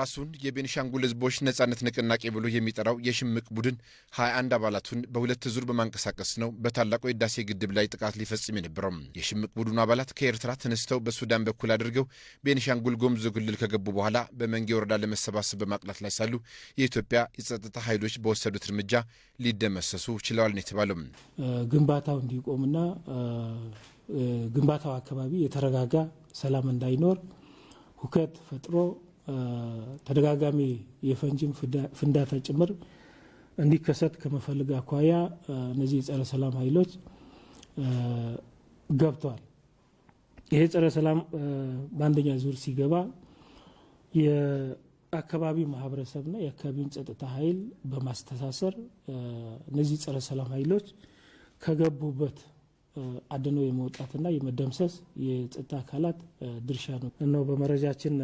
ራሱን የቤንሻንጉል ህዝቦች ነጻነት ንቅናቄ ብሎ የሚጠራው የሽምቅ ቡድን 21 አባላቱን በሁለት ዙር በማንቀሳቀስ ነው በታላቁ የህዳሴ ግድብ ላይ ጥቃት ሊፈጽም የነበረው። የሽምቅ ቡድኑ አባላት ከኤርትራ ተነስተው በሱዳን በኩል አድርገው ቤንሻንጉል ጉሙዝ ክልል ከገቡ በኋላ በመንጌ ወረዳ ለመሰባሰብ በማቅላት ላይ ሳሉ የኢትዮጵያ የጸጥታ ኃይሎች በወሰዱት እርምጃ ሊደመሰሱ ችለዋል ነው የተባለው። ግንባታው እንዲቆምና ግንባታው አካባቢ የተረጋጋ ሰላም እንዳይኖር ሁከት ፈጥሮ ተደጋጋሚ የፈንጂም ፍንዳታ ጭምር እንዲከሰት ከመፈለግ አኳያ እነዚህ የጸረ ሰላም ኃይሎች ገብተዋል። ይሄ ጸረ ሰላም በአንደኛ ዙር ሲገባ የአካባቢው ማህበረሰብና የአካባቢውን ጸጥታ ኃይል በማስተሳሰር እነዚህ ጸረ ሰላም ኃይሎች ከገቡበት አድነው የመውጣትና የመደምሰስ የጸጥታ አካላት ድርሻ ነው ነው በመረጃችን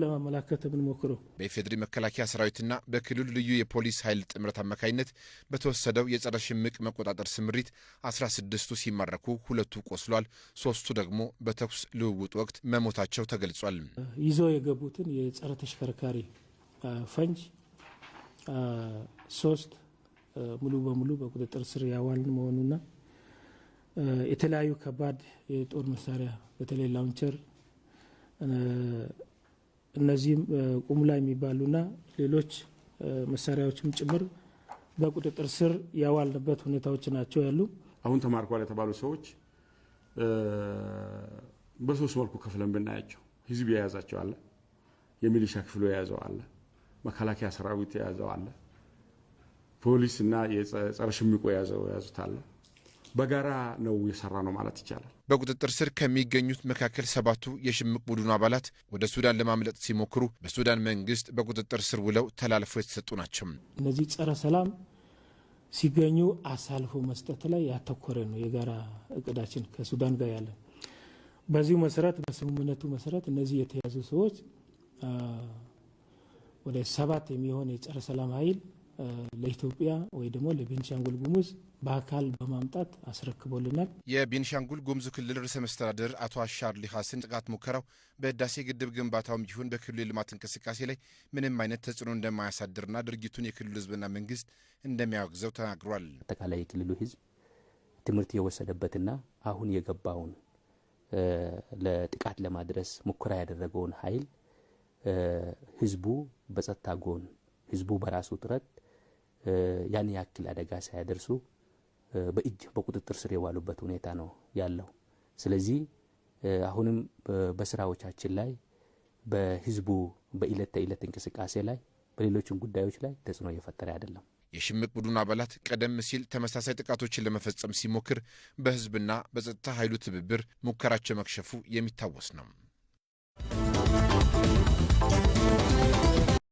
ለማመላከት የምንሞክረው በኢፌድሪ መከላከያ ሰራዊትና በክልሉ ልዩ የፖሊስ ኃይል ጥምረት አማካኝነት በተወሰደው የጸረ ሽምቅ መቆጣጠር ስምሪት 16ቱ ሲማረኩ ሁለቱ ቆስሏል፣ ሶስቱ ደግሞ በተኩስ ልውውጥ ወቅት መሞታቸው ተገልጿል። ይዘው የገቡትን የጸረ ተሽከርካሪ ፈንጅ ሶስት ሙሉ በሙሉ በቁጥጥር ስር ያዋልን መሆኑና የተለያዩ ከባድ የጦር መሳሪያ በተለይ ላውንቸር እነዚህም ቁሙላ የሚባሉና ሌሎች መሳሪያዎችም ጭምር በቁጥጥር ስር ያዋልንበት ሁኔታዎች ናቸው ያሉ። አሁን ተማርኳል የተባሉ ሰዎች በሶስት መልኩ ከፍለን ብናያቸው ህዝብ የያዛቸው አለ፣ የሚሊሻ ክፍሉ የያዘው አለ፣ መከላከያ ሰራዊት የያዘው አለ፣ ፖሊስ እና የጸረ ሽምቆ የያዘው የያዙት አለ። በጋራ ነው የሰራ ነው ማለት ይቻላል። በቁጥጥር ስር ከሚገኙት መካከል ሰባቱ የሽምቅ ቡድኑ አባላት ወደ ሱዳን ለማምለጥ ሲሞክሩ በሱዳን መንግስት በቁጥጥር ስር ውለው ተላልፎ የተሰጡ ናቸው። እነዚህ ጸረ ሰላም ሲገኙ አሳልፎ መስጠት ላይ ያተኮረ ነው የጋራ እቅዳችን ከሱዳን ጋር ያለን። በዚሁ መሰረት በስምምነቱ መሰረት እነዚህ የተያዙ ሰዎች ወደ ሰባት የሚሆን የጸረ ሰላም ኃይል ለኢትዮጵያ ወይ ደግሞ ለቤንሻንጉል ጉሙዝ በአካል በማምጣት አስረክቦልናል። የቤንሻንጉል ጉሙዝ ክልል ርዕሰ መስተዳድር አቶ አሻርሊ ሀሰን ጥቃት ሙከራው በህዳሴ ግድብ ግንባታውም ይሁን በክልሉ የልማት እንቅስቃሴ ላይ ምንም አይነት ተጽዕኖ እንደማያሳድርና ድርጊቱን የክልሉ ህዝብና መንግስት እንደሚያወግዘው ተናግሯል። አጠቃላይ የክልሉ ህዝብ ትምህርት የወሰደበትና አሁን የገባውን ለጥቃት ለማድረስ ሙከራ ያደረገውን ኃይል ህዝቡ በጸጥታ ጎን ህዝቡ በራሱ ጥረት ያን ያክል አደጋ ሳያደርሱ በእጅ በቁጥጥር ስር የዋሉበት ሁኔታ ነው ያለው። ስለዚህ አሁንም በስራዎቻችን ላይ በህዝቡ በኢለት ተዕለት እንቅስቃሴ ላይ በሌሎችም ጉዳዮች ላይ ተጽዕኖ እየፈጠረ አይደለም። የሽምቅ ቡድኑ አባላት ቀደም ሲል ተመሳሳይ ጥቃቶችን ለመፈጸም ሲሞክር በህዝብና በጸጥታ ኃይሉ ትብብር ሙከራቸው መክሸፉ የሚታወስ ነው።